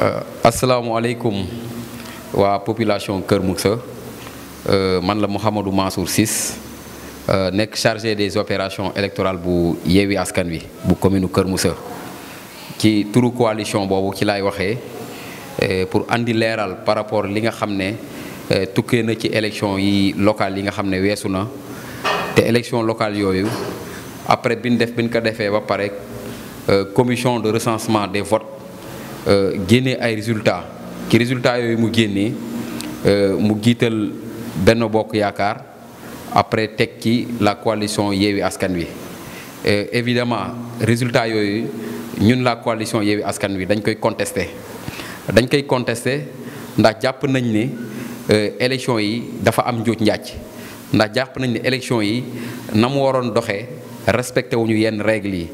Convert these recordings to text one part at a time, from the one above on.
Euh, Assalamu alaykum. Wa population Kër Moussa euh, man la mohamedou Mansour euh, nek chargé des opérations électorales bu yewi Askan Wi bu commune keur qui ci une coalition ci euh, pour andi Léral par rapport li nga xamné ne na ci élection yi locale yi nga xamné wessuna té élection locale après Bindef def bin ko commission de recensement des votes euh, génnee ay résultats résultat résultats yooyu mu euh, mu après tekki la coalition Yewwi Askan Wi euh, évidemment résultats eu, la coalition yévi Askan Wi dañ koy contester dañ koy contester ndax élection yi dafa am élection yi règles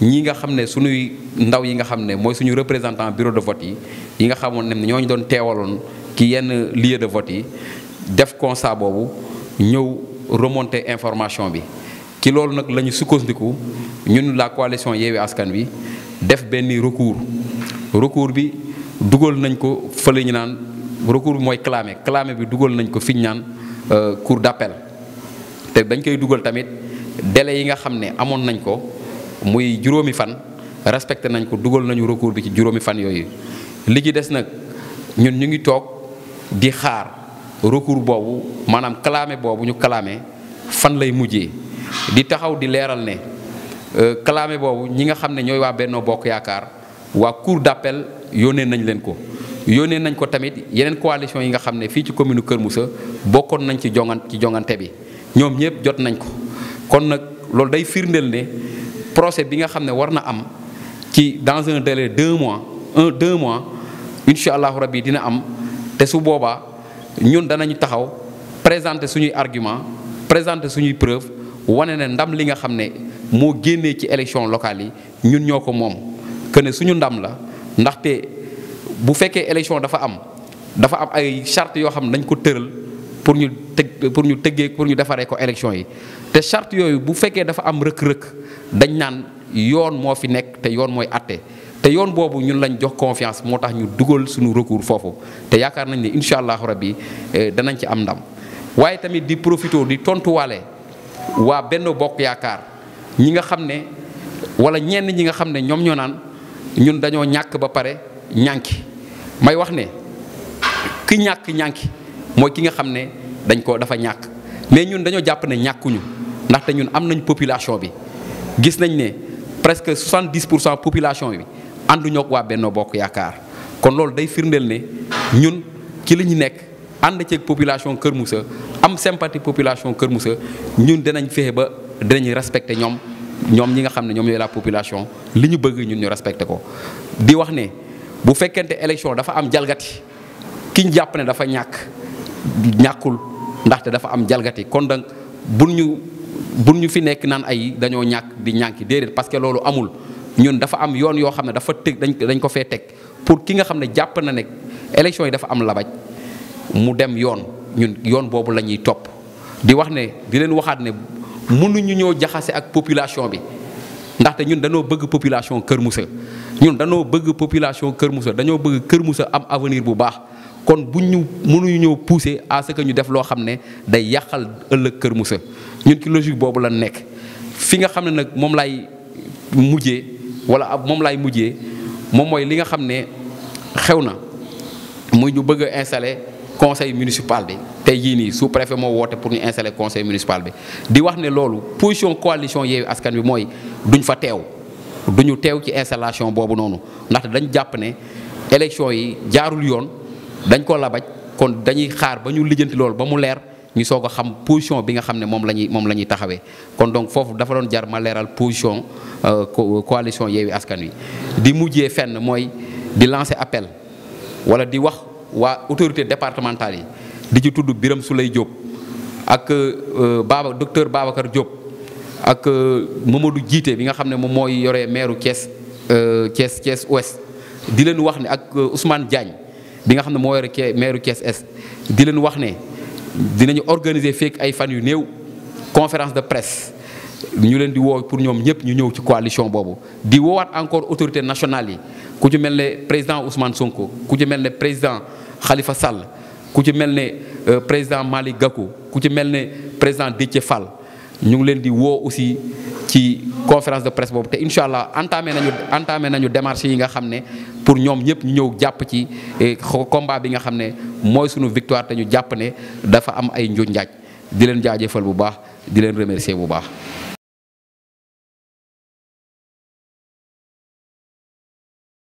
ñi nga xamné suñuy ndaw yi nga bureau de vote yi yi nga xamone ñoo doon yenn lieu de vote yi def constat bobu ñew remonter information bi ki nak la la coalition yewé Askan Wi def benn recours recours bi recours, nañ ko fait ñu recours moy clamé clamé bi dugol nañ ko euh, cour d'appel té dañ koy dugol tamit délai yi nga nañ muy juróomi fan respecté nañ ko dugal nañu recours bi ci juróomi fan yooyu li ci des nag ñun ñu ngi toog di xaar recours boobu maanaam clamé boobu ñu kalaame fan lay mujjee di taxaw di leeral ne clamé euh, boobu ñi nga xam ne ñooy waa Benno Bokk Yaakaar waa cour d'appel yónnee nañ leen ko yónnee nañ ko tamit yeneen coalition yi nga xam ne fii ci commune Kër Moussa bokkoon nañ ci jongan ci jongante bi ñoom ñëpp jot nañ ko kon nag loolu day firndeel ne procès bi nga xam ne am ci dans un délai deux mois un deux mois inshallah allahu rabi dina am te su boba ñun danañu taxaw présenter suñuy argument présenter suñuy preuve wane ne ndam li nga xam mo génné ci élection locale yi ñun ñoko mom que ne suñu ndam la ndaxte bu fekkee élection dafa am dafa am ay charte yo xam dañ ko tëral pour ñu tëg pour ñu tëggee pour ñu defaree ko élection yi te charte yooyu bu fekkee dafa am rëkk-rëkk dañ naan yoon moo fi nekk te yoon mooy atte te yoon boobu ñun lañ jox confiance moo tax ñu dugal suñu recours foofu te yaakaar nañ ne incha allahu rabbi eh, danañ ci am ndam waaye tamit di profito di tontuwaale waa benn Bokk Yaakaar ñi nga xam ne wala ñenn ñi nga xam ne ñoom ñoo naan ñun dañoo ñàkk ba pare ñànki may wax ne ki ñàkk ñànki moy ki nga xamné dañ ko dafa ñak mais ñun dañoo jàpp ne ñàkkuñu té ñun am nañ population bi gis nañ né presque 70 population bi andu ñok wa Benno Bokk Yaakaar kon lool day firndel ne ñun ki liñu nek and ci population keur Moussa am sympathie population keur Moussa ñun dinañ fexe ba dinañ respecter ñom ñom ñi nga xamné ñom la population liñu bëgg ñun ñu respecter ko di wax ne bu fekkante élection dafa am jalgati ki ñu japp né dafa ñak ñàkkul ndaxte dafa am jalgati kon donc bu ñu bu ñu fi nekk naan ay dañoo ñàkk di ñànki déedéet parce que loolu amul ñun dafa am yoon yoo xam ne dafa tëg dañ dañ ko fee teg pour ki nga xam ne jàpp na ne élection yi dafa am labaj mu dem yoon ñun yoon boobu la ñuy topp di wax ne di leen waxaat ne mënuñu ñoo jaxase ak population bi ndaxte ñun dañoo bëgg population Kër Moussa ñun danoo bëgg population Kër Moussa dañoo bëgg Kër Moussa am avenir bu baax kon buñu ñu mënuñu ñëw pousser à ce que ñu def lo xamné ne day yàqal ëllëg Kër Moussa ñun ci logique bobu la nekk fi nga xamné nak mom lay mujjé mujjee wala mom lay mujjé mom moy li nga xamné xewna xew na muy ñu bëgg installer conseil municipal bi tay yi ni sous préfet mo woote pour ñu installer conseil municipal bi di wax né loolu position coalition yé Askan bi moy duñ fa teew duñu teew ci installation bobu nonu ndaxte dañ japp né élection yi jaarul yoon. dañ ko labaj kon dañuy xaar ba ñu lijjanti loolu ba mu leer ñu soog a xam position bi nga xam ne moom la ñuy moom la ñuy taxawee kon donc foofu dafa doon jar ma leeral position euh, coalition Yewwi Askan Wi di mujjee fenn mooy di lancer appel wala di wax waa autorité départementale yi di ci tudd Birame Souleye Diop ak euh, Baba docteur Babacar Diop ak euh, Mamadou Jiite bi nga xam ne moom mooy yore maire Thiès Thiès Thiès Ouest di leen wax ni ak Ousmane Diagne bi nga xam ne moo yore mairu maire Thiès Est di leen wax ne dinañu organiser fekk ay fan yu néew conférence de presse ñu leen di woo pour ñoom ñëpp ñu ñëw ci coalition boobu di woowaat encore autorité nationale yi ku ci mel ne président Ousmane Sonko ku ci mel ne président Khalifa Sall ku ci mel ne euh, président Malick Gakou ku ci mel ne président Déthié Fall ñu ngi leen di woo aussi ci conférence de presse boobu te incha allah entamé nañu entamé nañu démarches yi nga xam ne pour ñoom ñëpp ñu ñëw jàpp ci eh, combat bi nga xam ne mooy suñu victoire te ñu jàpp ne dafa am ay njuñ njaaj di leen jaajëfal bu baax di leen remercier bu baax.